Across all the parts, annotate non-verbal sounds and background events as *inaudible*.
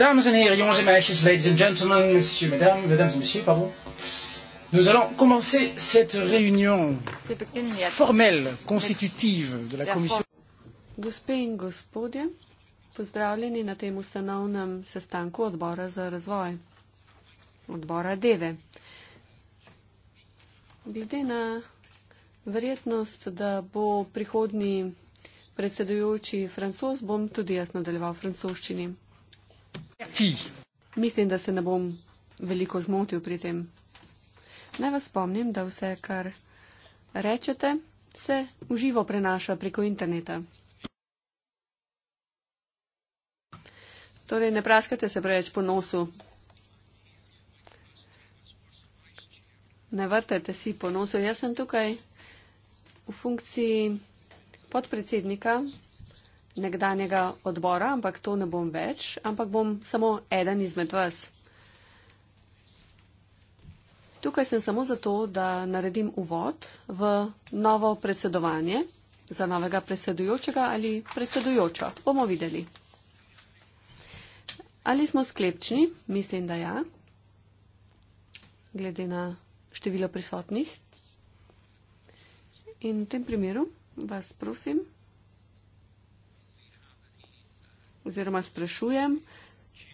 Dames en heren, jongens en meisjes, ladies and gentlemen, messieurs, mesdames, mesdames et messieurs, pardon. Nous allons commencer cette réunion formelle, constitutive de la commission. Gospe in gospodje, pozdravljeni na tem ustanovnem sestanku odbora za razvoj, odbora DEVE. Glede na verjetnost, da bo prihodni predsedujoči francoz, bom tudi jaz nadaljeval francoščini. Mislim, da se ne bom veliko zmotil pri tem. Naj vas spomnim, da vse, kar rečete, se uživo prenaša preko interneta. Torej, ne praskate se preveč po nosu. Ne vrtajte si po nosu. Jaz sem tukaj v funkciji podpredsednika nekdanjega odbora, ampak to ne bom več, ampak bom samo eden izmed vas. Tukaj sem samo zato, da naredim uvod v novo predsedovanje za novega predsedujočega ali predsedujočo. Bomo videli. Ali smo sklepčni? Mislim, da ja. Glede na število prisotnih. In v tem primeru vas prosim oziroma sprašujem,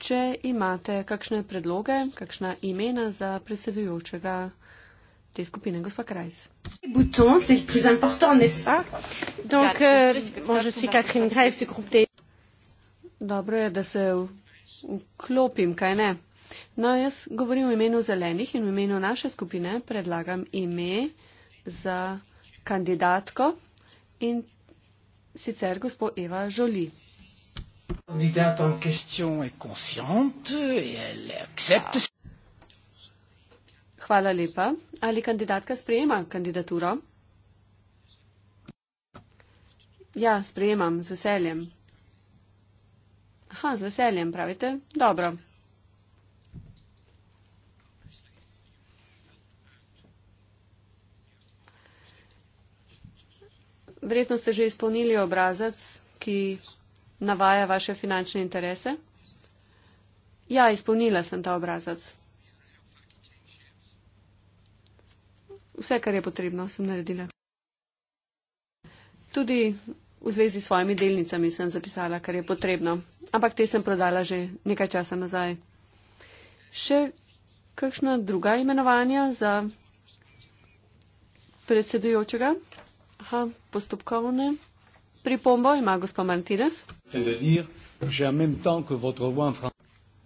če imate kakšne predloge, kakšna imena za predsedujočega te skupine, gospa Krajs. Ja, euh, Dobro je, da se vklopim, kaj ne. No, jaz govorim v imenu zelenih in v imenu naše skupine predlagam ime za kandidatko in sicer gospod Eva Žoli candidate en question est consciente et elle accepte. Hvala lepa. Ali kandidatka sprejema kandidaturo? Ja, sprejemam, z veseljem. Aha, z veseljem, pravite? Dobro. Verjetno ste že izpolnili obrazac, ki navaja vaše finančne interese? Ja, izpolnila sem ta obrazac. Vse, kar je potrebno, sem naredila. Tudi v zvezi s svojimi delnicami sem zapisala, kar je potrebno, ampak te sem prodala že nekaj časa nazaj. Še kakšna druga imenovanja za predsedujočega? Aha, postopkovne pripombo ima gospod Martinez.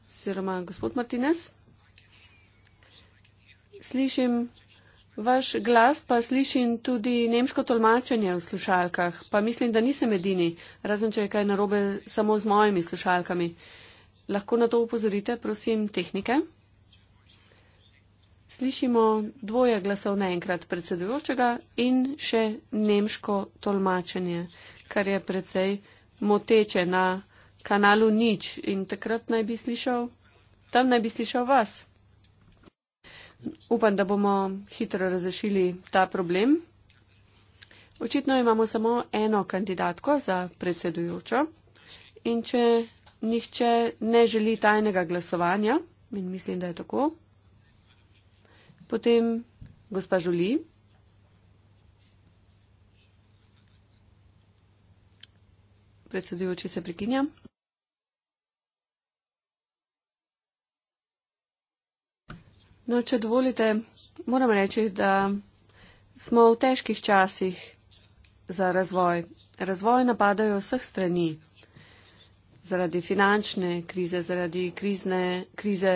Siroma, gospod Martinez, slišim vaš glas, pa slišim tudi nemško tolmačenje v slušalkah, pa mislim, da nisem edini, razen če je kaj narobe samo z mojimi slušalkami. Lahko na to upozorite, prosim, tehnike. Slišimo dvoje glasov naenkrat predsedujočega in še nemško tolmačenje kar je precej moteče na kanalu nič in takrat naj bi slišal, tam naj bi slišal vas. Upam, da bomo hitro razrešili ta problem. Očitno imamo samo eno kandidatko za predsedujočo in če nihče ne želi tajnega glasovanja, in mislim, da je tako, potem gospa Žuli. Predsedujoči se prekinja. No, če dovolite, moram reči, da smo v težkih časih za razvoj. Razvoj napadajo vseh strani. Zaradi finančne krize, zaradi krizne, krize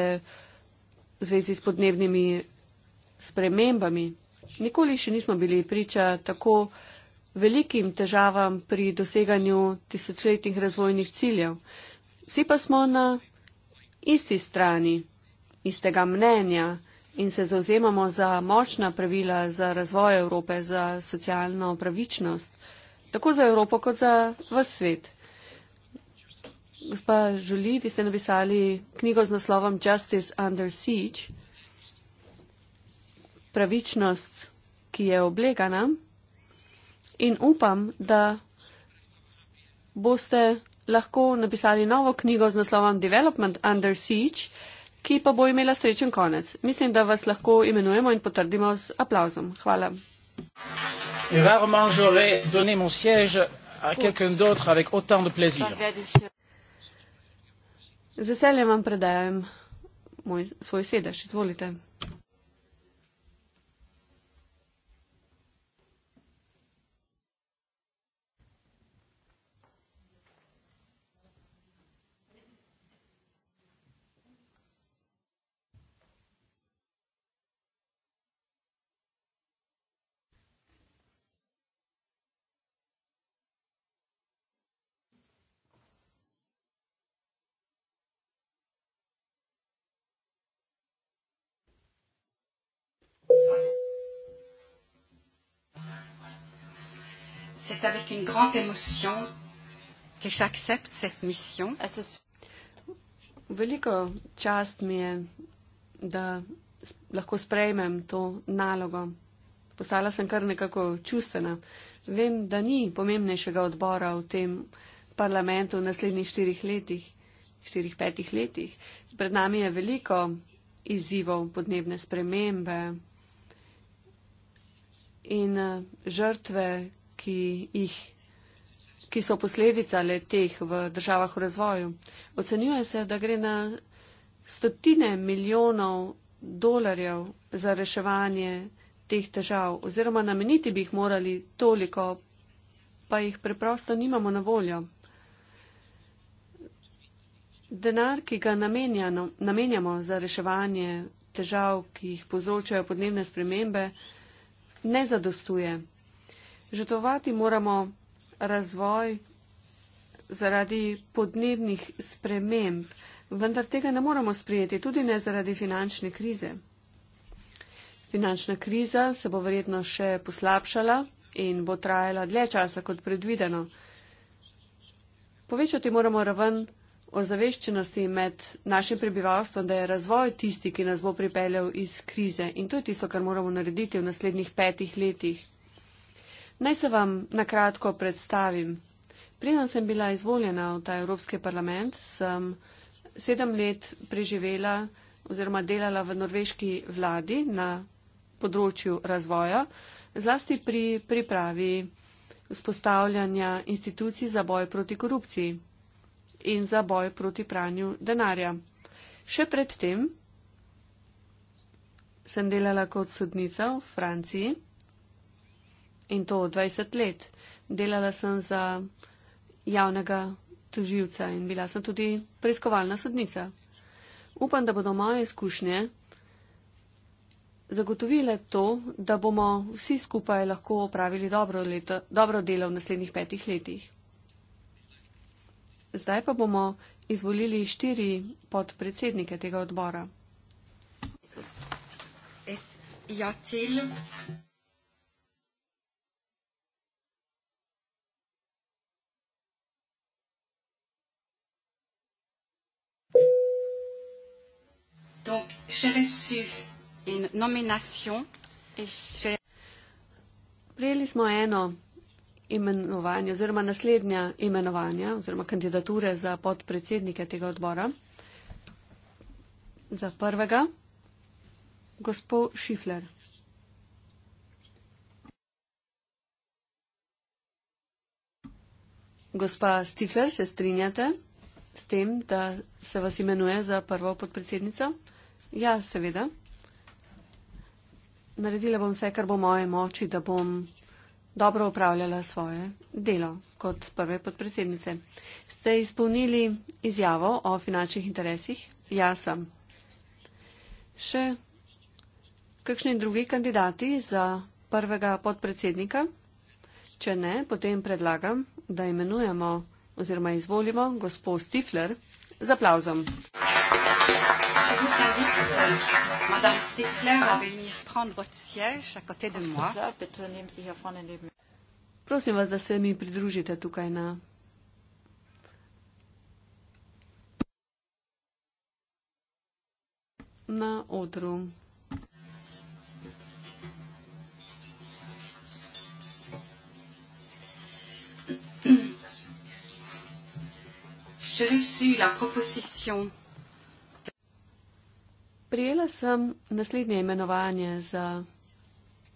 v zvezi s podnebnimi spremembami. Nikoli še nismo bili priča tako velikim težavam pri doseganju tisočletnih razvojnih ciljev. Vsi pa smo na isti strani, istega mnenja in se zauzemamo za močna pravila za razvoj Evrope, za socialno pravičnost, tako za Evropo kot za vas svet. Gospa Žuli, vi ste napisali knjigo z naslovom Justice Under Siege, pravičnost, ki je oblegana in upam, da boste lahko napisali novo knjigo z naslovom Development Under Siege, ki pa bo imela srečen konec. Mislim, da vas lahko imenujemo in potrdimo z aplauzom. Hvala. Z veseljem vam predajam moj, svoj sedež. Izvolite. C'est avec une grande émotion que j'accepte cette mission. Veliko čast mi je, da lahko sprejmem to nalogo. Postala sem kar nekako čustvena. Vem, da ni pomembnejšega odbora v tem parlamentu v naslednjih štirih letih, štirih petih letih. Pred nami je veliko izzivov podnebne spremembe, in eh, žrtve, ki, jih, ki so posledica le teh v državah v razvoju. Ocenjuje se, da gre na stotine milijonov dolarjev za reševanje teh težav oziroma nameniti bi jih morali toliko, pa jih preprosto nimamo na voljo. Denar, ki ga namenjamo za reševanje težav, ki jih povzročajo podnebne spremembe, ne zadostuje. Žetovati moramo razvoj zaradi podnebnih sprememb, vendar tega ne moremo sprijeti, tudi ne zaradi finančne krize. Finančna kriza se bo verjetno še poslabšala in bo trajala dlje časa kot predvideno. Povečati moramo raven ozaveščenosti med našim prebivalstvom, da je razvoj tisti, ki nas bo pripeljal iz krize. In to je tisto, kar moramo narediti v naslednjih petih letih. Naj se vam na kratko predstavim. Preden sem bila izvoljena v ta Evropski parlament, sem sedem let preživela oziroma delala v norveški vladi na področju razvoja, zlasti pri pripravi vzpostavljanja institucij za boj proti korupciji in za boj proti pranju denarja. Še predtem sem delala kot sodnica v Franciji in to 20 let. Delala sem za javnega tuživca in bila sem tudi preiskovalna sodnica. Upam, da bodo moje izkušnje zagotovile to, da bomo vsi skupaj lahko opravili dobro, leto, dobro delo v naslednjih petih letih. Zdaj pa bomo izvolili štiri podpredsednike tega odbora. Ja, Prejeli smo eno imenovanja oziroma naslednja imenovanja oziroma kandidature za podpredsednike tega odbora. Za prvega, gospod Šifler. Gospa Stifler, se strinjate s tem, da se vas imenuje za prvo podpredsednico? Ja, seveda. Naredila bom vse, kar bo moje moči, da bom dobro upravljala svoje delo kot prve podpredsednice. Ste izpolnili izjavo o finančnih interesih? Ja, sem. Še kakšni drugi kandidati za prvega podpredsednika? Če ne, potem predlagam, da imenujemo oziroma izvolimo gospod Stifler z aplauzom invite tout à Madame Stifler à venir prendre votre siège à côté de moi. Ja, Prosim vas, da se mi pridružite tukaj na. na odru. J'ai reçu la proposition Prijela sem naslednje imenovanje za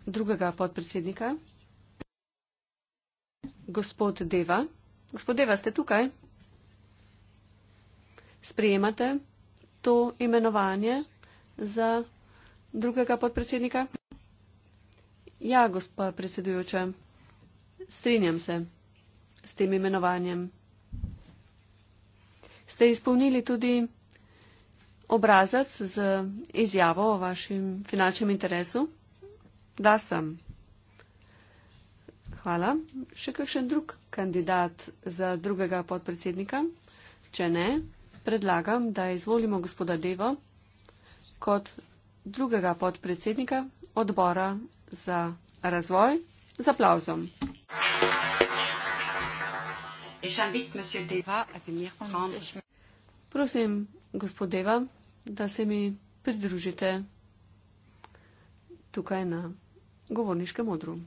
drugega podpredsednika. Gospod Deva. Gospod Deva, ste tukaj? Sprejemate to imenovanje za drugega podpredsednika? Ja, gospa predsedujoča, strinjam se s tem imenovanjem. Ste izpolnili tudi obrazac z izjavo o vašem finančnem interesu? Da sem. Hvala. Še kakšen drug kandidat za drugega podpredsednika? Če ne, predlagam, da izvolimo gospoda Devo kot drugega podpredsednika odbora za razvoj z aplauzom. Prosim, gospod Deva, da se mi pridružite tukaj na govorniškem odru.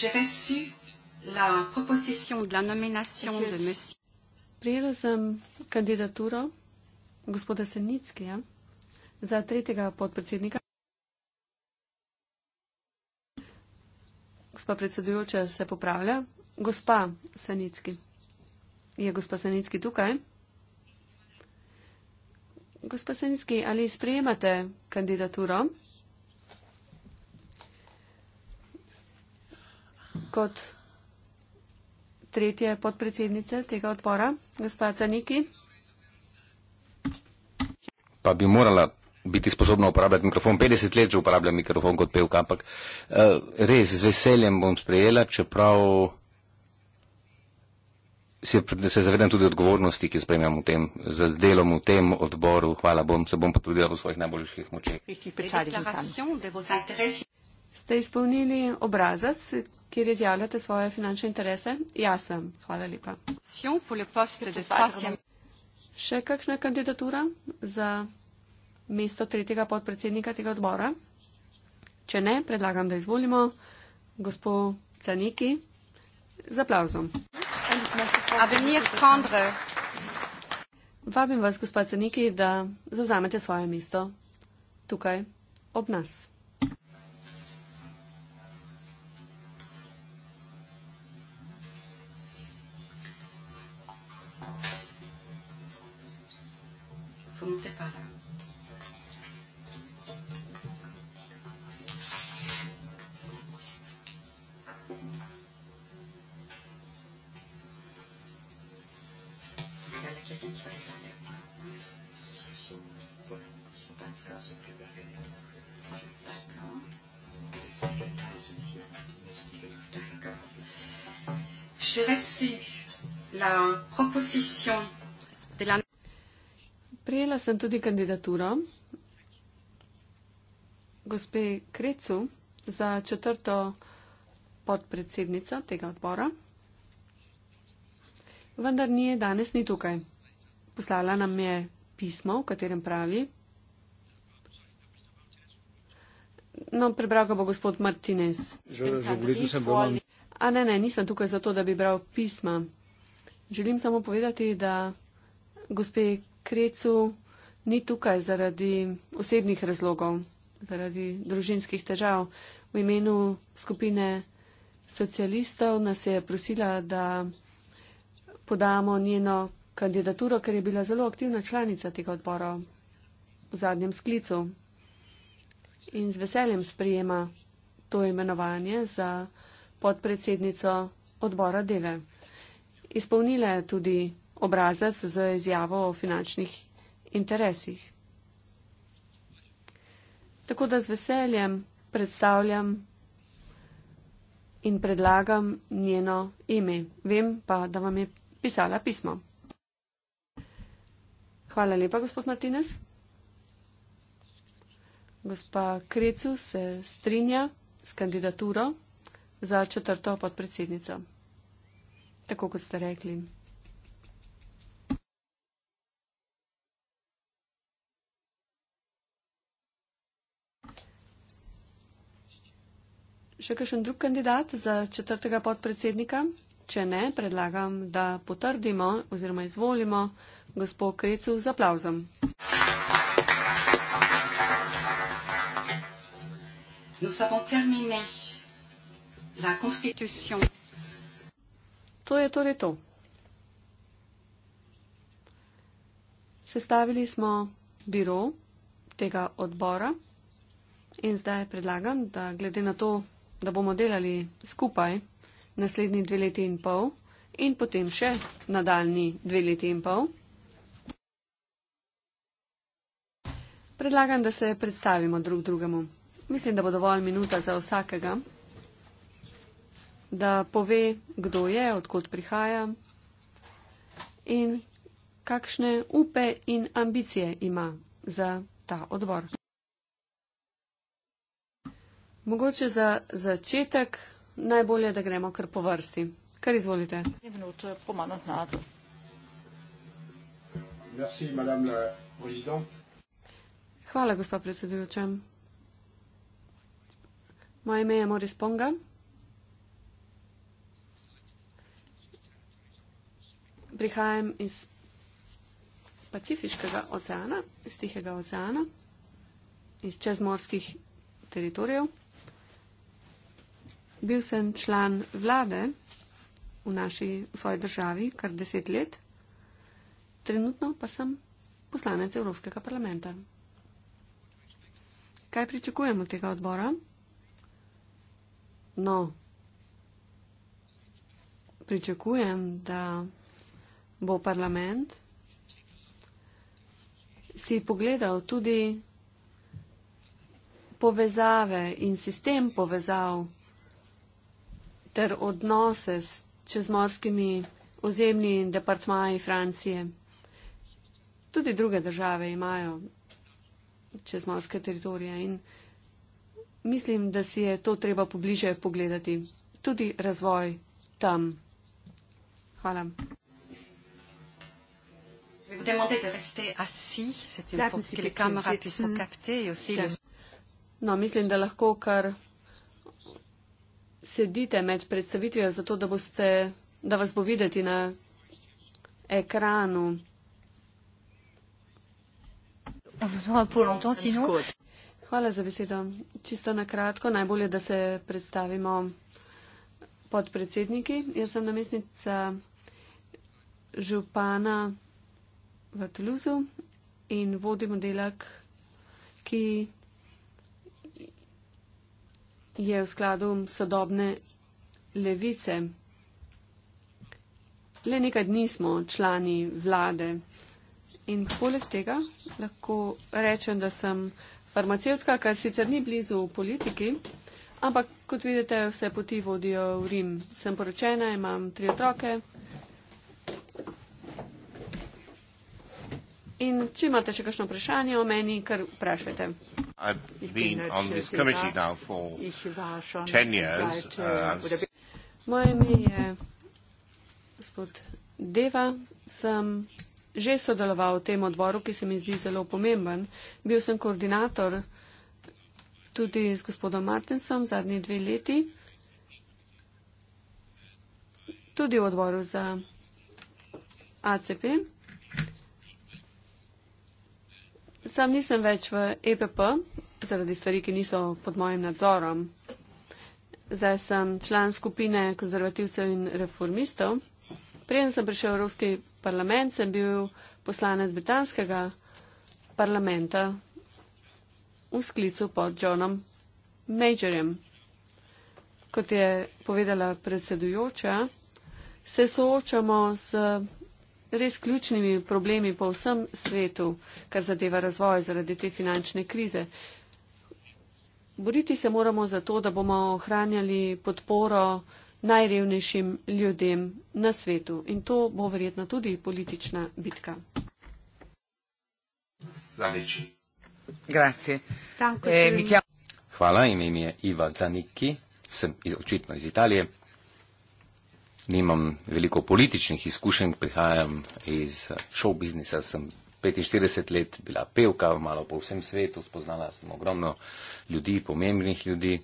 J'ai reçu la proposition de la nomination de monsieur. Prijela sem kandidaturo gospoda Senickija za tretjega podpredsednika. Gospa predsedujoča se popravlja. Gospa Senicki. Je gospa Senicki tukaj? Gospa Senicki, ali sprejemate kandidaturo? kot tretje podpredsednice tega odbora, gospa Caniki. Pa bi morala biti sposobna uporabljati mikrofon. 50 let že uporabljam mikrofon kot pevka, ampak uh, res z veseljem bom sprejela, čeprav se, se zavedam tudi odgovornosti, ki jo spremljam v tem, z delom v tem odboru. Hvala, bom, se bom potrudila v svojih najboljših močeh. Ste izpolnili obrazac, kjer izjavljate svoje finančne interese? Jaz sem. Hvala lepa. Še kakšna kandidatura za mesto tretjega podpredsednika tega odbora? Če ne, predlagam, da izvolimo gospod Caniki z aplauzom. Vabim vas, gospod Caniki, da zauzamete svoje mesto tukaj ob nas. J'ai reçu la proposition de la... Prijela sem tudi kandidaturo gospe Krecu za četrto podpredsednico tega odbora, vendar nje danes ni tukaj. Poslala nam je pismo, v katerem pravi. No, prebral ga bo gospod Martinez. A ne, ne, nisem tukaj zato, da bi bral pisma. Želim samo povedati, da gospe Krecu ni tukaj zaradi osebnih razlogov, zaradi družinskih težav. V imenu skupine socialistov nas je prosila, da podamo njeno kandidaturo, ker je bila zelo aktivna članica tega odbora v zadnjem sklicu in z veseljem sprijema to imenovanje za podpredsednico odbora Deve. Izpolnila je tudi obrazac z izjavo o finančnih interesih. Tako da z veseljem predstavljam in predlagam njeno ime. Vem pa, da vam je pisala pismo. Hvala lepa, gospod Martinez. Gospa Krecu se strinja s kandidaturo za četrto podpredsednico. Tako kot ste rekli. Še kakšen drug kandidat za četrtega podpredsednika? Če ne, predlagam, da potrdimo oziroma izvolimo gospod Krecu z aplauzom. To je torej to. Sestavili smo biro tega odbora in zdaj predlagam, da glede na to, da bomo delali skupaj naslednji dve leti in pol in potem še nadaljni dve leti in pol. Predlagam, da se predstavimo drug drugemu. Mislim, da bo dovolj minuta za vsakega, da pove, kdo je, odkot prihaja in kakšne upe in ambicije ima za ta odbor. Mogoče za začetek najbolje, da gremo kar po vrsti. Kar izvolite. Merci, madame la présidente. Hvala, gospa predsedujoča. Moje ime je Moris Ponga. Prihajam iz Pacifiškega oceana, iz Tihega oceana, iz čezmorskih teritorijev. Bil sem član vlade v, naši, v svoji državi kar deset let, trenutno pa sem poslanec Evropskega parlamenta. Kaj pričakujemo od tega odbora? No, pričakujem, da bo parlament si pogledal tudi povezave in sistem povezav ter odnose s čezmorskimi ozemlji in departmaji Francije. Tudi druge države imajo čez morske teritorije. In mislim, da si je to treba pobliže pogledati. Tudi razvoj tam. Hvala. No, mislim, da lahko kar sedite med predstavitvijo, zato da, boste, da vas bo videti na ekranu. Hvala za besedo. Čisto na kratko, najbolje, da se predstavimo podpredsedniki. Jaz sem namestnica župana v Toulouse in vodim oddelek, ki je v skladu sodobne levice. Le nekaj dni smo člani vlade. In poleg tega lahko rečem, da sem farmacevtka, kar sicer ni blizu politiki, ampak kot vidite, vse poti vodijo v Rim. Sem poročena, imam tri otroke. In če imate še kakšno vprašanje o meni, kar vprašajte. Äh, uh, Moje ime je gospod Deva, sem že sodeloval v tem odboru, ki se mi zdi zelo pomemben. Bil sem koordinator tudi z gospodom Martinsom zadnji dve leti, tudi v odboru za ACP. Sam nisem več v EPP zaradi stvari, ki niso pod mojim nadzorom. Zdaj sem član skupine konzervativcev in reformistov. Preden sem prišel v Evropski parlament, sem bil poslanec britanskega parlamenta v sklicu pod Johnom Majorjem. Kot je povedala predsedujoča, se soočamo z res ključnimi problemi po vsem svetu, kar zadeva razvoj zaradi te finančne krize. Boriti se moramo za to, da bomo ohranjali podporo najrevnejšim ljudem na svetu. In to bo verjetno tudi politična bitka. Eh, Hvala, ime mi je Iva Zanicki, sem iz, očitno iz Italije. Nimam veliko političnih izkušenj, prihajam iz eh, show biznisa, sem 45 let bila pevka, malo po vsem svetu, spoznala sem ogromno ljudi, pomembnih ljudi.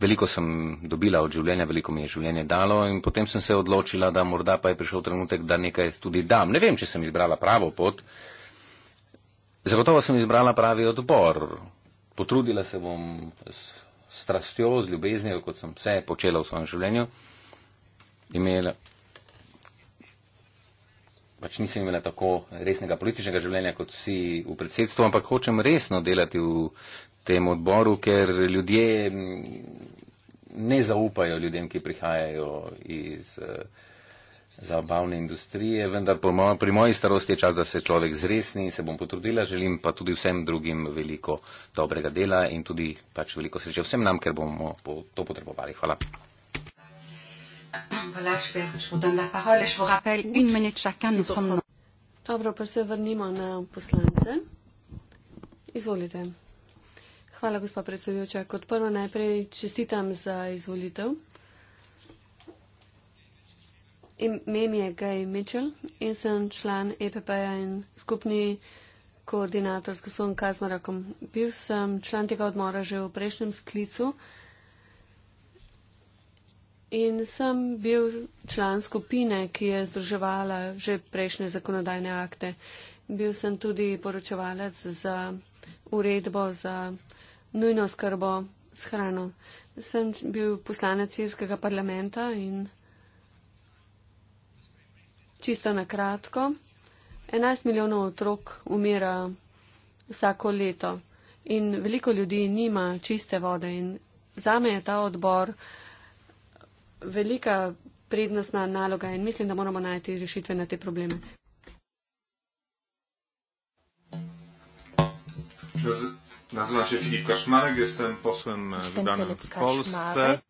Veliko sem dobila od življenja, veliko mi je življenje dalo in potem sem se odločila, da morda pa je prišel trenutek, da nekaj tudi dam. Ne vem, če sem izbrala pravo pot. Zagotovo sem izbrala pravi odbor. Potrudila se bom s strastjo, z ljubeznijo, kot sem vse počela v svojem življenju. Imela, pač nisem imela tako resnega političnega življenja kot vsi v predsedstvu, ampak hočem resno delati v tem odboru, ker ljudje mm, ne zaupajo ljudem, ki prihajajo iz eh, zabavne industrije, vendar moj, pri moji starosti je čas, da se človek zresni in se bom potrudila. Želim pa tudi vsem drugim veliko dobrega dela in tudi pač veliko sreče vsem nam, ker bomo po, to potrebovali. Hvala. Dobro, pa se vrnimo na poslance. Izvolite. Hvala, gospa predsedujoča. Kot prvo najprej čestitam za izvolitev. Ime mi je Gay Mitchell in sem član EPP-ja in skupni koordinator s gospodom Kazmarakom. Bil sem član tega odmora že v prejšnjem sklicu in sem bil član skupine, ki je združevala že prejšnje zakonodajne akte. Bil sem tudi poročevalec za uredbo za nujno skrbo s hrano. Sem bil poslanec sirskega parlamenta in čisto na kratko. 11 milijonov otrok umira vsako leto in veliko ljudi nima čiste vode in zame je ta odbor velika prednostna naloga in mislim, da moramo najti rešitve na te probleme. Ja, Nazywam się Filip Kaczmarek, jestem posłem wybranym w Polsce.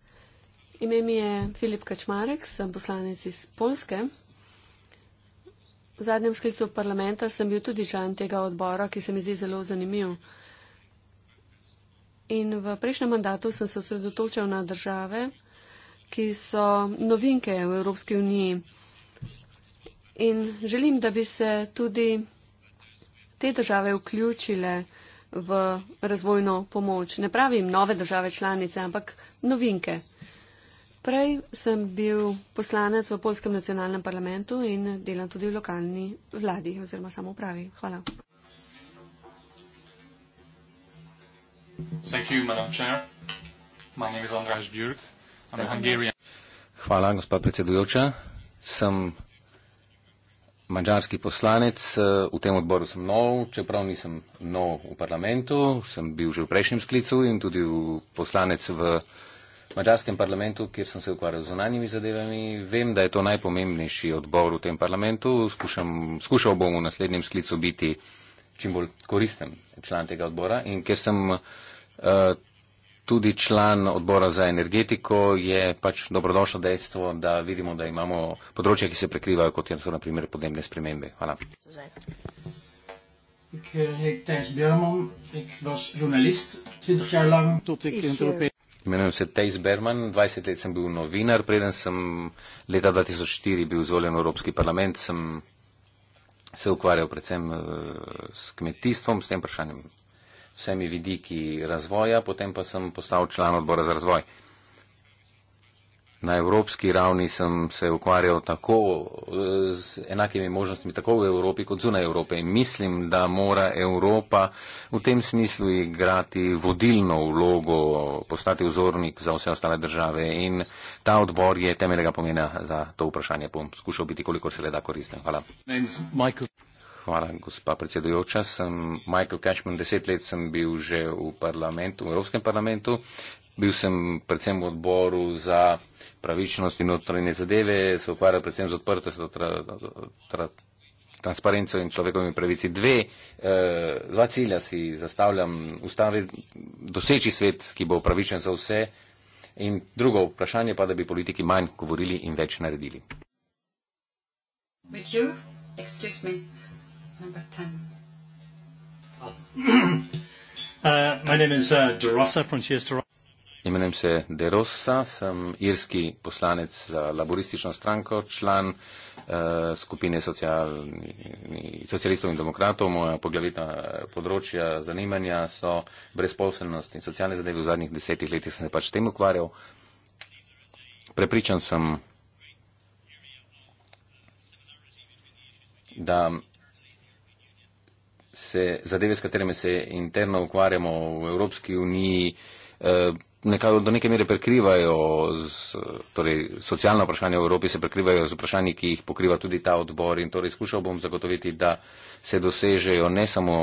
Imię mi je Filip Kaczmarek, jestem posłanec z Polski. V zadnjem sklicu parlamenta sem bil tudi član tega odbora, ki se mi zdi zelo zanimiv. In v prejšnjem mandatu sem se osredotočal na države, ki so novinke v Evropski uniji. In želim, da bi se tudi te države vključile v v razvojno pomoč. Ne pravim nove države članice, ampak novinke. Prej sem bil poslanec v Polskem nacionalnem parlamentu in delam tudi v lokalni vladi oziroma samopravi. Hvala. Hvala, gospod predsedujoča. Sem mađarski poslanec, eh, v tem odboru sem nov, čeprav nisem nov v parlamentu, sem bil že v prejšnjem sklicu in tudi v poslanec v mađarskem parlamentu, kjer sem se ukvarjal z zunanjimi zadevami. Vem, da je to najpomembnejši odbor v tem parlamentu. Skušam, skušal bom v naslednjem sklicu biti čim bolj koristen član tega odbora in ker sem uh, tudi član odbora za energetiko, je pač dobrodošlo dejstvo, da vidimo, da imamo področja, ki se prekrivajo, kot so naprimer podnebne spremembe. Hvala. Eh, eh, Imenujem se Tejs Berman, 20 let sem bil novinar, preden sem leta 2004 bil izvoljen v Evropski parlament, sem se ukvarjal predvsem eh, s kmetijstvom, s tem vprašanjem vsemi vidiki razvoja, potem pa sem postal član odbora za razvoj. Na evropski ravni sem se ukvarjal tako eh, z enakimi možnostmi, tako v Evropi kot zunaj Evrope. In mislim, da mora Evropa v tem smislu igrati vodilno vlogo, postati vzornik za vse ostale države. In ta odbor je temeljega pomena za to vprašanje. Bom skušal biti, kolikor se le da koristen. Hvala. Hvala, gospa predsedujoča. Sem Michael Cashman, deset let sem bil že v parlamentu, v Evropskem parlamentu. Bil sem predvsem v odboru za pravičnost in notranje zadeve, se ukvarjal predvsem z odprtost, transparenco in človekovimi pravici. Dve, eh, dva cilja si zastavljam, ustavi doseči svet, ki bo pravičen za vse. In drugo vprašanje pa, da bi politiki manj govorili in več naredili. Would you? Excuse me number 10. *clears throat* Uh, my name is, uh, De Rosa from Imenem se De Rossa, sem irski poslanec za laboristično stranko, član uh, skupine socialni, socialistov in demokratov. Moja poglavitna uh, področja zanimanja so brezposelnost in socialne zadeve. V zadnjih desetih letih sem se pač s tem ukvarjal. Prepričan sem, da se zadeve, s katerimi se interno ukvarjamo v Evropski uniji, eh, nekako do neke mere prekrivajo, z, torej socialna vprašanja v Evropi se prekrivajo z vprašanji, ki jih pokriva tudi ta odbor in torej skušal bom zagotoviti, da se dosežejo ne samo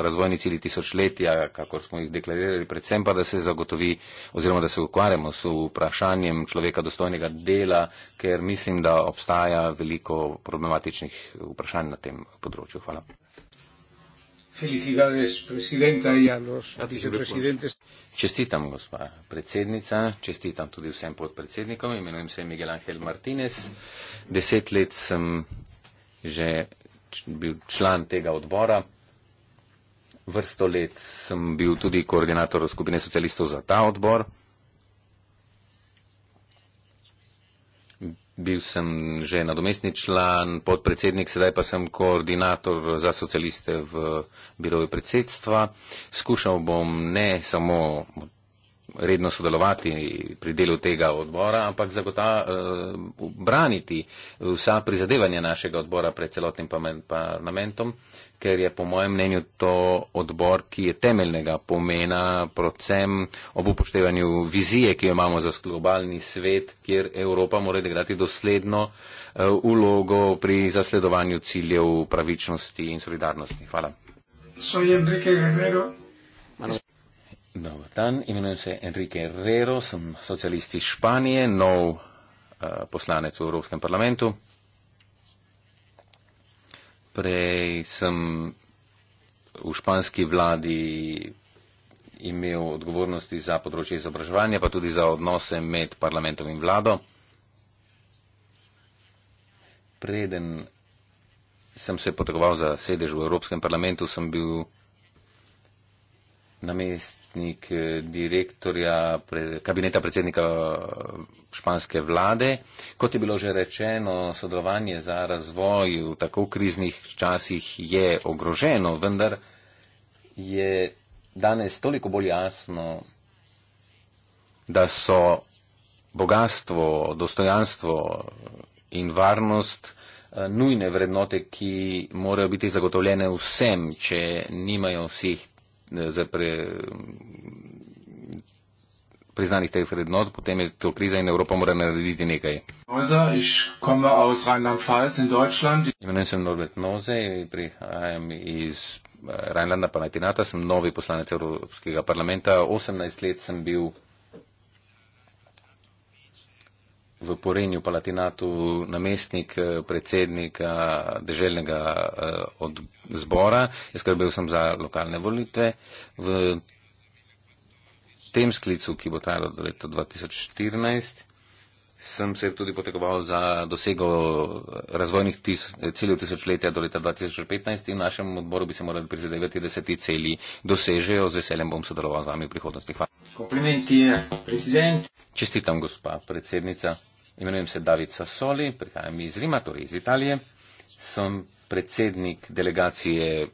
razvojni cilji tisočletja, kakor smo jih deklarirali, predvsem pa, da se zagotovi oziroma da se ukvarjamo s vprašanjem človeka dostojnega dela, ker mislim, da obstaja veliko problematičnih vprašanj na tem področju. Hvala. Felicidades, presidenta, y a los vicepresidentes. Čestitam, gospa predsednica, čestitam tudi vsem podpredsednikom. Imenujem se Miguel Angel Martinez. Deset let sem že bil član tega odbora. Vrsto let sem bil tudi koordinator skupine socialistov za ta odbor. Bil sem že nadomestni član, podpredsednik, sedaj pa sem koordinator za socialiste v biroju predsedstva. Skušal bom ne samo redno sodelovati pri delu tega odbora, ampak zagotaviti eh, vsa prizadevanja našega odbora pred celotnim parlamentom, ker je po mojem mnenju to odbor, ki je temeljnega pomena, predvsem ob upoštevanju vizije, ki jo imamo za globalni svet, kjer Evropa mora igrati dosledno ulogo eh, pri zasledovanju ciljev pravičnosti in solidarnosti. Hvala. Soy Enrique Guerrero. Dobro dan, imenujem se Enrique Herrero, sem socialist iz Španije, nov uh, poslanec v Evropskem parlamentu. Prej sem v španski vladi imel odgovornosti za področje izobraževanja, pa tudi za odnose med parlamentom in vlado. Preden sem se potegoval za sedež v Evropskem parlamentu, sem bil na mest namestnik eh, direktorja pre, kabineta predsednika eh, španske vlade. Kot je bilo že rečeno, sodelovanje za razvoj v tako kriznih časih je ogroženo, vendar je danes toliko bolj jasno, da so bogatstvo, dostojanstvo in varnost eh, nujne vrednote, ki morajo biti zagotovljene vsem, če nimajo vseh za pre, priznanih teh vrednot, potem je to kriza in Evropa mora narediti nekaj. Imenujem se Norbert Noze, prihajam iz eh, Rajnlanda Palatinata, sem novi poslanec Evropskega parlamenta. 18 let sem bil v Porenju, Palatinatu, namestnik eh, predsednika državnega eh, odbora. Jaz skrbel sem za lokalne volitve. V tem sklicu, ki bo trajalo do leta 2014, sem se tudi potekoval za dosego razvojnih tis, ciljev tisočletja do leta 2015 in našem odboru bi se morali prizadevati, da se ti cilji dosežejo. Z veseljem bom sodeloval z vami v prihodnosti. Hvala. Komplimenti, predsednik. Čestitam, gospa predsednica. Imenujem se David Sassoli, prihajam iz Rima, torej iz Italije. Sem predsednik delegacije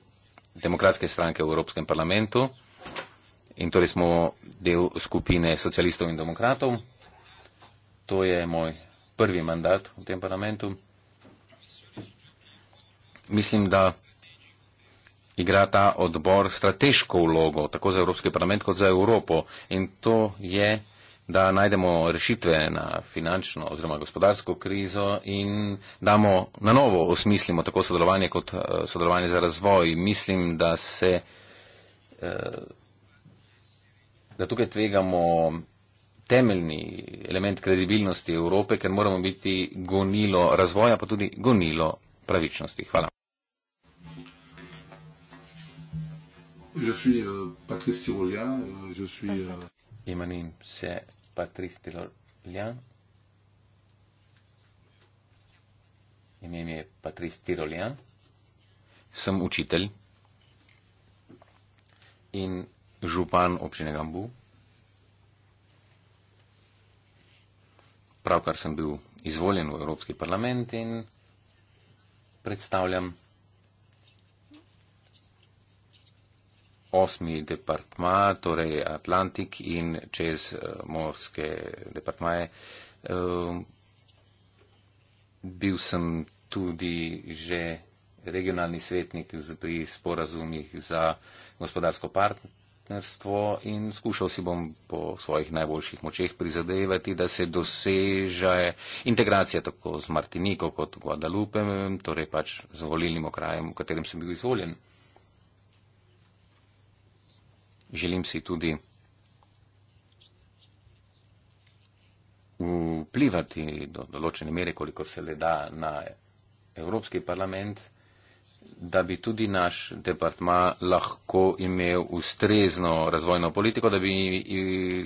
Demokratske stranke v Evropskem parlamentu. In torej smo del skupine socialistov in demokratov, To je moj prvi mandat v tem parlamentu. Mislim, da igra ta odbor strateško vlogo, tako za Evropski parlament kot za Evropo. In to je, da najdemo rešitve na finančno oziroma gospodarsko krizo in damo na novo osmislimo tako sodelovanje kot eh, sodelovanje za razvoj. Mislim, da se. Eh, da tukaj tvegamo temeljni element kredibilnosti Evrope, ker moramo biti gonilo razvoja, pa tudi gonilo pravičnosti. Hvala. Euh, euh, euh, Imenim se Patrice Tirolian. Ime mi je Patrice Tirolian. Sem učitelj in župan občine Gambu. pravkar sem bil izvoljen v Evropski parlament in predstavljam osmi departma, torej Atlantik in čez eh, morske departmaje. Ehm, bil sem tudi že regionalni svetnik pri sporazumih za gospodarsko partnerstvo partnerstvo in skušal si bom po svojih najboljših močeh prizadevati, da se doseže integracija tako z Martiniko kot Guadalupe, torej pač z volilnim okrajem, v katerem sem bil izvoljen. Želim si tudi vplivati do določene mere, koliko se le da na Evropski parlament da bi tudi naš departma lahko imel ustrezno razvojno politiko, da bi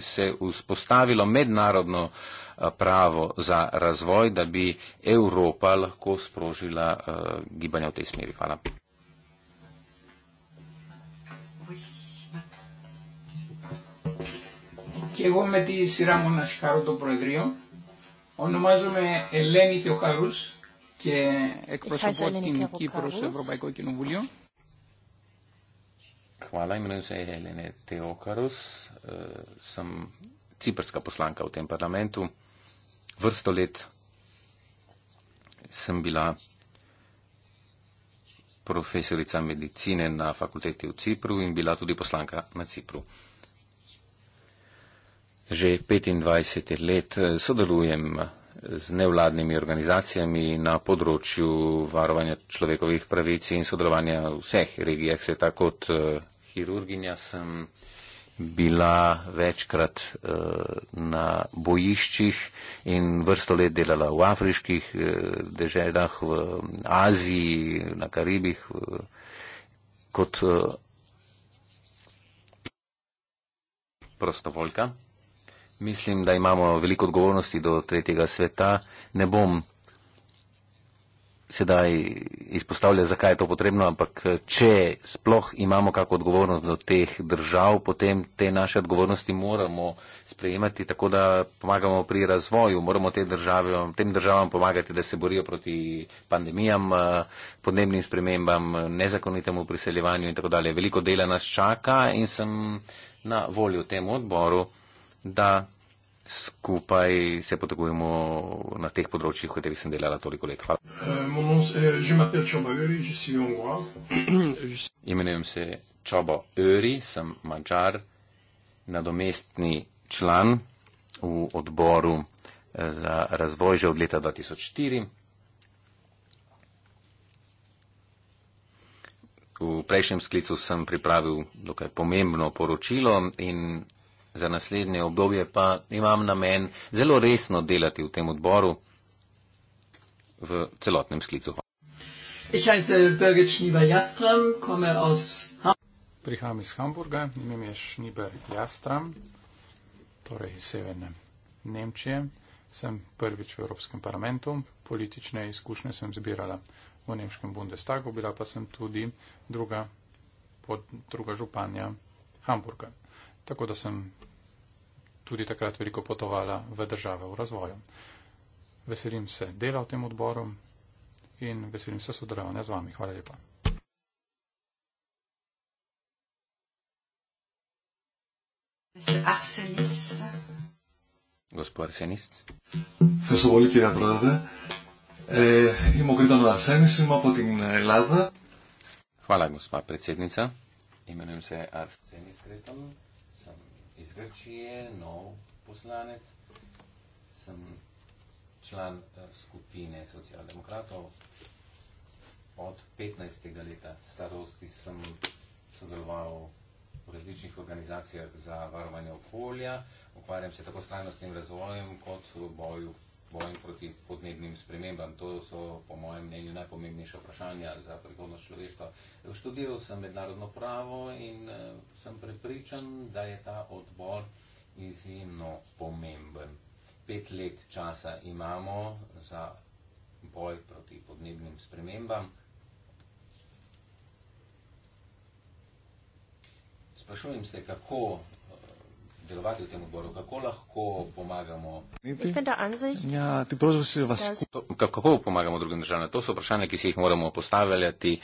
se vzpostavilo mednarodno eh, pravo za razvoj, da bi Evropa lahko sprožila eh, gibanje v tej smeri. Hvala. Και εγώ με τη σειρά μου να συγχαρώ τον Προεδρείο. Ονομάζομαι Ελένη Θεοχαρούς και εκπροσωπώ την Κύπρο στο Ευρωπαϊκό Κοινοβούλιο. Hvala, imenujem se Helene Teokarus, uh, sem ciprska poslanka v tem parlamentu. Vrsto let sem bila profesorica medicine na fakulteti v Cipru in bila tudi poslanka na Cipru. Že 25 let eh, sodelujem z nevladnimi organizacijami na področju varovanja človekovih pravic in sodelovanja v vseh regijah sveta. Kot kirurginja eh, sem bila večkrat eh, na bojiščih in vrsto let delala v afriških eh, deželah, v Aziji, na Karibih. Kot prostovoljka. Mislim, da imamo veliko odgovornosti do tretjega sveta. Ne bom sedaj izpostavljal, zakaj je to potrebno, ampak če sploh imamo kakšno odgovornost do teh držav, potem te naše odgovornosti moramo sprejemati, tako da pomagamo pri razvoju, moramo te države, tem državam pomagati, da se borijo proti pandemijam, podnebnim spremembam, nezakonitemu priseljevanju in tako dalje. Veliko dela nas čaka in sem na voljo tem odboru da skupaj se potegujemo na teh področjih, v katerih sem delala toliko let. Hvala. Eh, eh, *clears throat* Imenujem se Čobo Öri, sem mačar, nadomestni član v odboru eh, za razvoj že od leta 2004. V prejšnjem sklicu sem pripravil dokaj pomembno poročilo in za naslednje obdobje, pa imam namen zelo resno delati v tem odboru v celotnem sklicu. Prihajam iz Hamburga, imam je Šniber Jastram, torej iz severne Nemčije. Sem prvič v Evropskem parlamentu, politične izkušnje sem zbirala v Nemškem Bundestagu, bila pa sem tudi druga, pod, druga županja Hamburga. Tako da sem tudi takrat veliko potovala v države v razvoju. Veselim se dela v tem odboru in veselim se sodelovanja z vami. Hvala lepa. Gospod Arsenist. Ευχαριστώ πολύ κύριε Πρόεδρε. Ε, είμαι ο Κρήτον Αρσένης, είμαι από την Ελλάδα. Ευχαριστώ κύριε Πρόεδρε. Είμαι ο Αρσένης Κρήτον iz Grčije, nov poslanec, sem član eh, skupine socialdemokratov. Od 15. leta starosti sem sodeloval v različnih organizacijah za varovanje okolja, ukvarjam se tako s trajnostnim razvojem kot v boju vojn proti podnebnim spremembam. To so, po mojem mnenju, najpomembnejša vprašanja za prihodnost človeštva. Študiral sem mednarodno pravo in eh, sem prepričan, da je ta odbor izjemno pomemben. Pet let časa imamo za boj proti podnebnim spremembam. Sprašujem se, kako delovati v tem odboru, kako lahko pomagamo. Ja, vas... Kako pomagamo drugim državam? To so vprašanja, ki si jih moramo postavljati.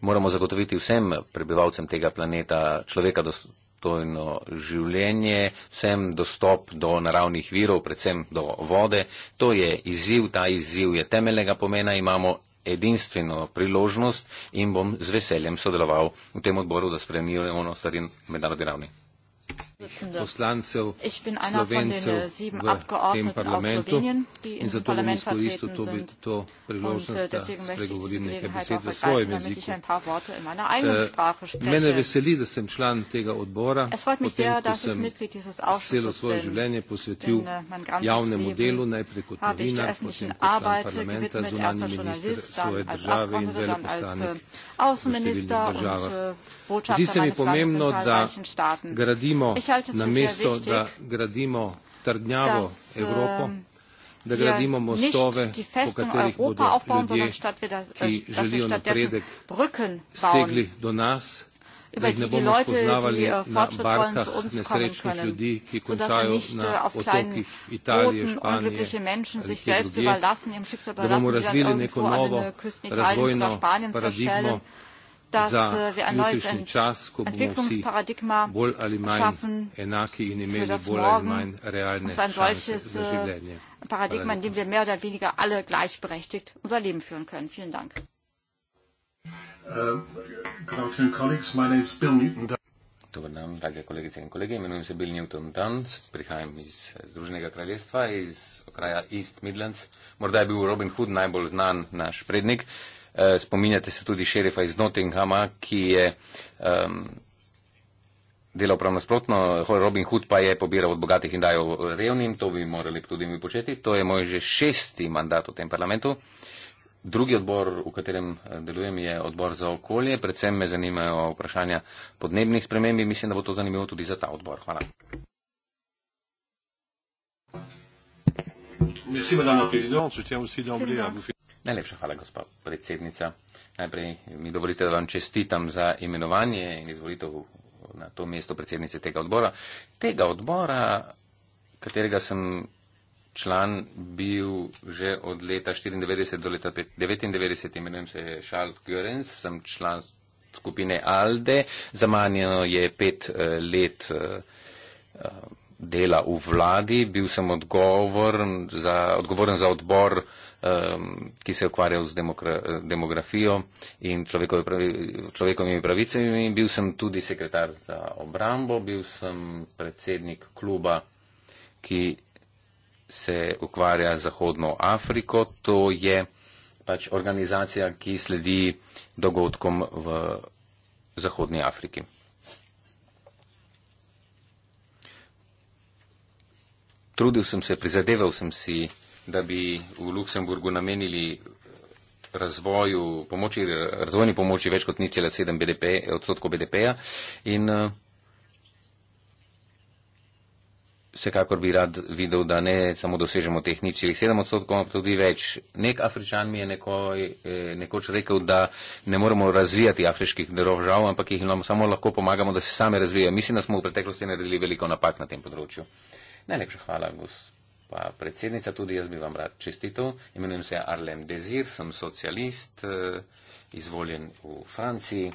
Moramo zagotoviti vsem prebivalcem tega planeta človeka dostojno življenje, vsem dostop do naravnih virov, predvsem do vode. To je izziv, ta izziv je temeljnega pomena. Imamo edinstveno priložnost in bom z veseljem sodeloval v tem odboru, da spremljujemo stvari na mednarodni ravni poslancev Slovencev äh, v tem parlamentu in zato bom izkoristil to, to äh, priložnost, da spregovorim nekaj besed v svojem jeziku. Äh, mene veseli, da sem član tega odbora, potem, sehr, ko sem celo svoje življenje posvetil javnemu delu, najprej kot novinar, potem kot član parlamenta, zunanji minister svoje države in veleposlanik v številnih državah. Zdi se mi pomembno, da gradimo namesto da gradimo trdnjavo das, Evropo, um, da gradimo mostove, po katerih bodo ljudje, ki želijo napredek, segli do nas. Da ne bomo spoznavali uh, na barkah nesrečnih ljudi, ki končajo na uh, otokih Italije, Španije, drugje, da bomo razvili neko novo uh, razvojno paradigmo, za jutrišnji čas, ko bomo vsi bolj ali manj enaki in imeli bolj ali manj realne šanse za življenje. Paradigma, in dem wir mehr oder weniger alle gleichberechtigt unser Leben führen können. Vielen Dank. Uh, Dober dan, drage kolegice in kolegi. Imenujem se Bill Newton Dunn, prihajam iz eh, Združenega kraljestva, iz okraja East Midlands. Morda je bil Robin Hood najbolj znan naš prednik. Eh, spominjate se tudi šerifa iz Nottinghama, ki je um, delal prav nasprotno, Robin Hood pa je pobiral od bogatih in dajal revnim, to bi morali tudi mi početi. To je moj že šesti mandat v tem parlamentu. Drugi odbor, v katerem eh, delujem, je odbor za okolje. Predvsem me zanimajo vprašanja podnebnih sprememb in mislim, da bo to zanimivo tudi za ta odbor. Hvala. Merci, Najlepša hvala, gospa predsednica. Najprej mi dovolite, da vam čestitam za imenovanje in izvolitev na to mesto predsednice tega odbora. Tega odbora, katerega sem član bil že od leta 94 do leta 99, imenujem se Šal Görens, sem član skupine ALDE, zamanjeno je pet uh, let uh, dela v vladi, bil sem odgovor za, odgovoren za odbor uh, um, ki se je ukvarjal z demografijo in pravi, človekovimi pravicami. Bil sem tudi sekretar za obrambo, bil sem predsednik kluba, ki se ukvarja z Zahodno Afriko. To je pač organizacija, ki sledi dogodkom v Zahodni Afriki. Trudil sem se, prizadeval sem si uh, da bi v Luksemburgu namenili razvoju, pomoči, razvojni pomoči več kot 0,7 BDP, odstotkov BDP-ja in eh, vsekakor bi rad videl, da ne samo dosežemo teh 0,7 odstotkov, ampak tudi več. Nek afričan mi je neko, eh, nekoč rekel, da ne moramo razvijati afriških držav, ampak jih nam samo lahko pomagamo, da se same razvijajo. Mislim, da smo v preteklosti naredili veliko napak na tem področju. Najlepša hvala, gospod pa predsednica, tudi jaz bi vam rad čestitev. Imenujem se Arlem Dezir, sem socialist, eh, izvoljen v Franciji.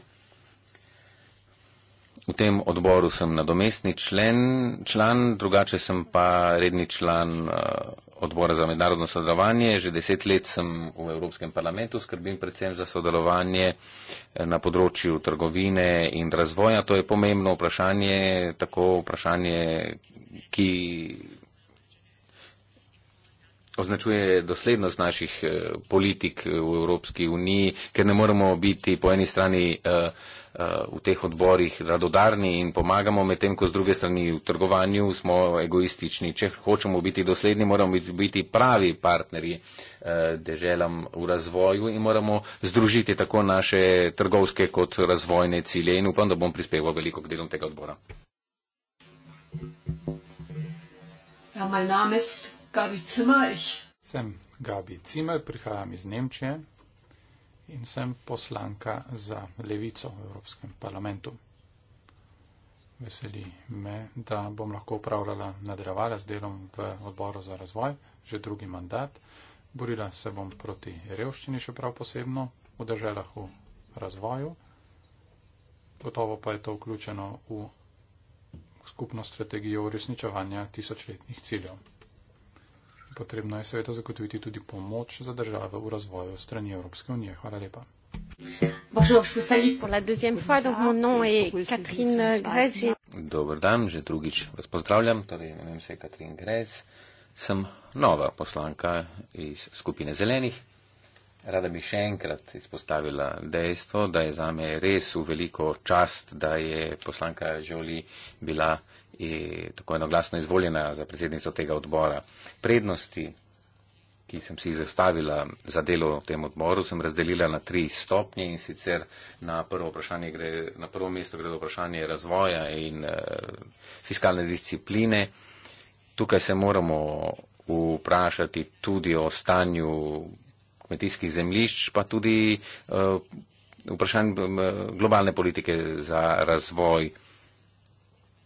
V tem odboru sem nadomestni člen, član, drugače sem pa redni član eh, odbora za mednarodno sodelovanje. Že deset let sem v Evropskem parlamentu, skrbim predvsem za sodelovanje eh, na področju trgovine in razvoja. To je pomembno vprašanje, tako vprašanje, ki označuje doslednost naših eh, politik eh, v Evropski uniji, ker ne moremo biti po eni strani eh, v teh odborih radodarni in pomagamo, medtem ko z druge strani v trgovanju smo egoistični. Če hočemo biti dosledni, moramo biti pravi partnerji deželam v razvoju in moramo združiti tako naše trgovske kot razvojne cilje in upam, da bom prispeval veliko k delom tega odbora. Ja, Gabi Cimaj. Sem Gabi Cimaj, prihajam iz Nemčije in sem poslanka za levico v Evropskem parlamentu. Veseli me, da bom lahko upravljala nadrevala z delom v odboru za razvoj, že drugi mandat. Borila se bom proti revščini še prav posebno v državah v razvoju. Gotovo pa je to vključeno v skupno strategijo uresničevanja tisočletnih ciljev. Potrebno je seveda zagotoviti tudi pomoč za države v razvoju strani Evropske unije. Hvala lepa. Dobro dan, že drugič vas pozdravljam. Torej, imenujem se Katrin Grec. Sem nova poslanka iz skupine zelenih. Rada bi še enkrat izpostavila dejstvo, da je za me res v veliko čast, da je poslanka Žoli bila tako enoglasno izvoljena za predsednico tega odbora. Prednosti, ki sem si jih zastavila za delo v tem odboru, sem razdelila na tri stopnje in sicer na prvo, gre, na prvo mesto gre vprašanje razvoja in uh, fiskalne discipline. Tukaj se moramo vprašati tudi o stanju kmetijskih zemljišč, pa tudi uh, eh, vprašanje globalne politike za razvoj.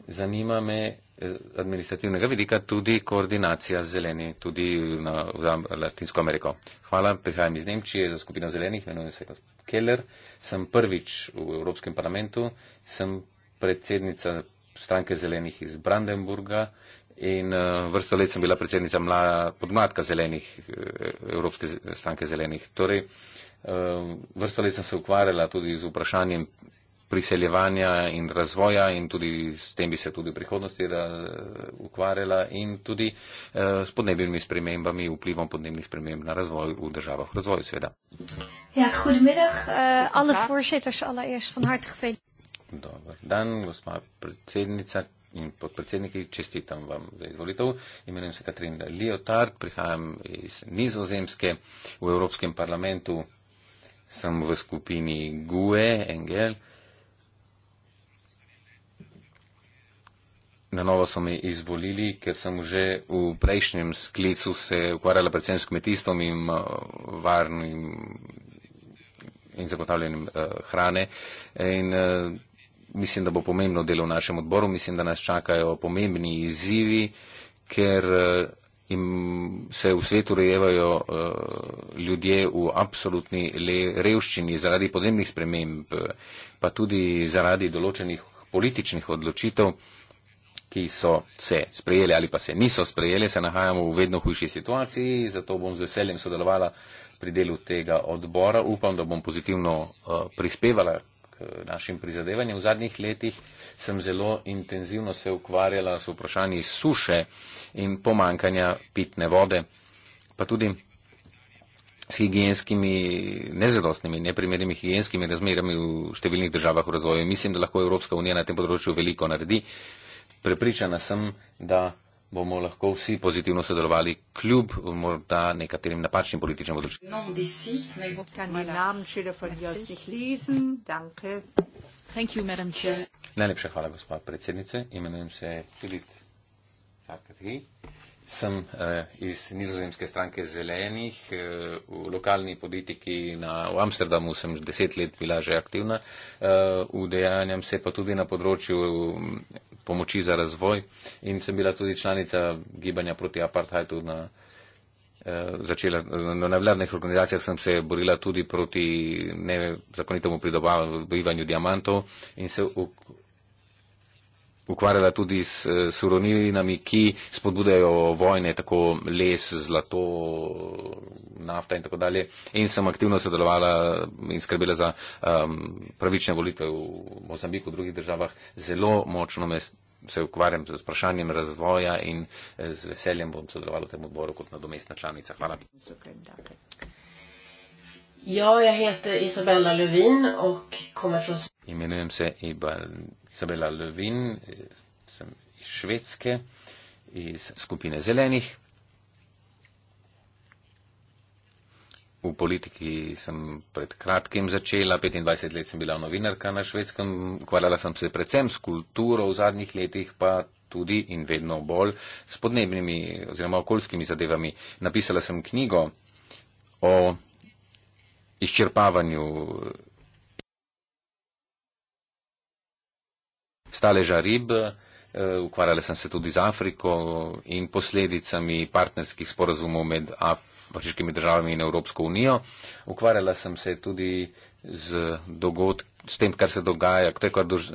Zanima me z eh, administrativnega vidika tudi koordinacija z zeleni, tudi na, na Latinsko Ameriko. Hvala, prihajam iz Nemčije za skupino zelenih, imenujem se Keller, sem prvič v Evropskem parlamentu, sem predsednica stranke zelenih iz Brandenburga in eh, vrsto let sem bila predsednica mla, podmladka zelenih, eh, Evropske stranke zelenih. Torej, vrsto let sem se ukvarjala tudi z vprašanjem priseljevanja in razvoja in tudi s tem bi se tudi v prihodnosti ukvarjala in tudi eh, s podnebnimi spremembami, vplivom podnebnih sprememb na razvoj v državah v razvoju, seveda. Ja, goedemiddag, uh, alle voorzitters, allereerst van harte gefeliciteerd. Dobar dan, gospa predsednica in podpredsedniki, čestitam vam za izvolitev. Imenujem se Katrin Liotard, prihajam iz Nizozemske v Evropskem parlamentu, sem v skupini GUE, Engel. Uh, na novo so me izvolili, ker sem že v prejšnjem sklicu se ukvarjala predvsem s kmetijstvom in uh, varnim in zagotavljanjem uh, hrane. In uh, mislim, da bo pomembno delo v našem odboru, mislim, da nas čakajo pomembni izzivi, ker in se v svetu rejevajo uh, ljudje v absolutni le, revščini zaradi podnebnih sprememb, pa tudi zaradi določenih političnih odločitev. Uh, ki so se sprejeli ali pa se niso sprejeli, se nahajamo v vedno hujši situaciji, zato bom z veseljem sodelovala pri delu tega odbora. Upam, da bom pozitivno uh, prispevala k našim prizadevanjem. V zadnjih letih sem zelo intenzivno se ukvarjala s vprašanji suše in pomankanja pitne vode, pa tudi s higijenskimi, nezadostnimi, neprimernimi higijenskimi razmerami v številnih državah v razvoju. Mislim, da lahko Evropska unija na tem področju veliko naredi. Uh, Prepričana sem, da bomo lahko vsi pozitivno sodelovali, kljub morda nekaterim napačnim političnim odločitvam. Najlepša hvala, gospa predsednice. Imenujem se Judith Harkathy. Sem eh, iz nizozemske stranke Zelenih. Eh, v lokalni politiki na, v Amsterdamu sem deset let bila že aktivna. Eh, Udejanjam se pa tudi na področju. Eh, pomoči za razvoj in sem bila tudi članica gibanja proti apartheidu na, eh, začela, na nevladnih organizacijah, sem se borila tudi proti nezakonitemu pridobavanju diamantov in se ukvarjala tudi s eh, surovinami, ki spodbudajo vojne, tako les, zlato, nafta in tako dalje. In sem aktivno sodelovala in skrbela za um, pravične volitve v Mozambiku, v drugih državah. Zelo močno me se ukvarjam z vprašanjem razvoja in eh, z veseljem bom sodelovala v tem odboru kot nadomestna članica. Hvala. Zukaj, Ja, jag heter Isabella Lövin och kommer från... I min namn är Isabella Lövin, som är svensk, i Skupine Zelenich. V politiki sem pred kratkim začela, 25 let sem bila novinarka na švedskem, ukvarjala sem se predvsem s kulturo v zadnjih letih, pa tudi in vedno bolj s podnebnimi oziroma okoljskimi zadevami. Napisala sem knjigo o исчерпаванию сталежа риб, ukvarjala sem se tudi z Afriko in posledicami partnerskih sporazumov med afriškimi državami in Evropsko unijo. Ukvarjala sem se tudi z dogodki, s tem, kar se dogaja,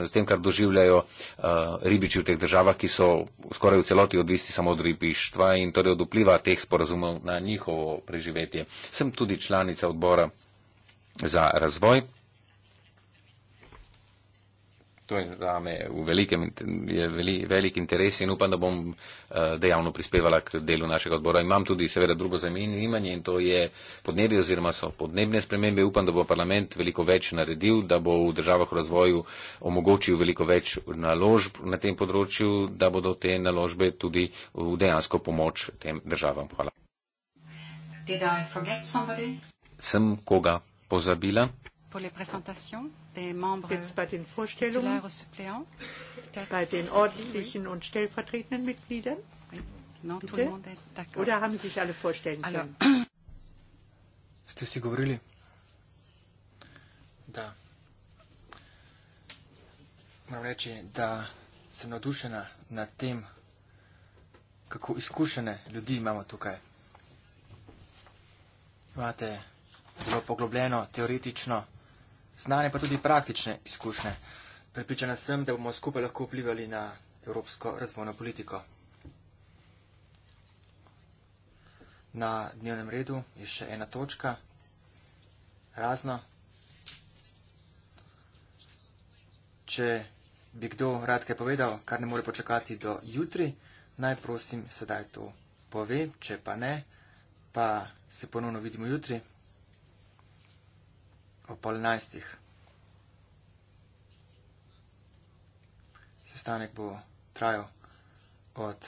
s tem, kar doživljajo eh, ribiči v teh državah, ki so skoraj v celoti odvisni samo od ribištva in torej od vpliva teh sporazumov na njihovo preživetje. Sem tudi članica odbora za razvoj. To je za me v velikem, je veli, velik interes in upam, da bom eh, dejavno prispevala k delu našega odbora. Imam tudi seveda drugo zanimanje in to je podnebje oziroma so podnebne spremembe. Upam, da bo parlament veliko več naredil, da bo v državah v razvoju omogočil veliko več naložb na tem področju, da bodo te naložbe tudi v dejansko pomoč tem državam. Hvala. Sem koga pozabila. Pour les présentations des membres Jetzt bei den Vorstellungen, suppléant, bei den örtlichen und stellvertretenden Mitgliedern. Non, tout le monde est Oder haben sich alle vorstellen Alors. können? *coughs* Sie haben Da. Moram reči, da sem navdušena nad tem, kako izkušene ljudi imamo tukaj. Imate zelo poglobljeno, teoretično, znane pa tudi praktične izkušnje. Pripričana sem, da bomo skupaj lahko vplivali na evropsko razvojno politiko. Na dnevnem redu je še ena točka, razno. Če bi kdo rad kaj povedal, kar ne more počakati do jutri, naj prosim sedaj to pove, če pa ne, pa se ponovno vidimo jutri ob pol enajstih. Sestanek bo trajal od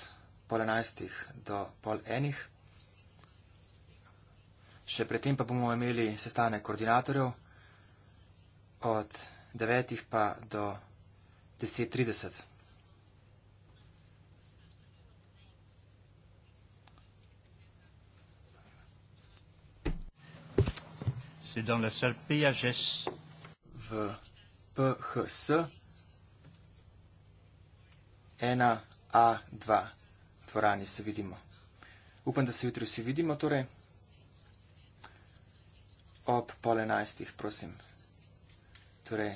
pol enajstih do pol enih. Še predtem pa bomo imeli sestanek koordinatorjev od devetih pa do deset trideset. c'est dans la salle PHS. V PHS 1A2 dvorani se vidimo. Upam, da se jutri vsi vidimo, torej ob pol enajstih, prosim. Torej.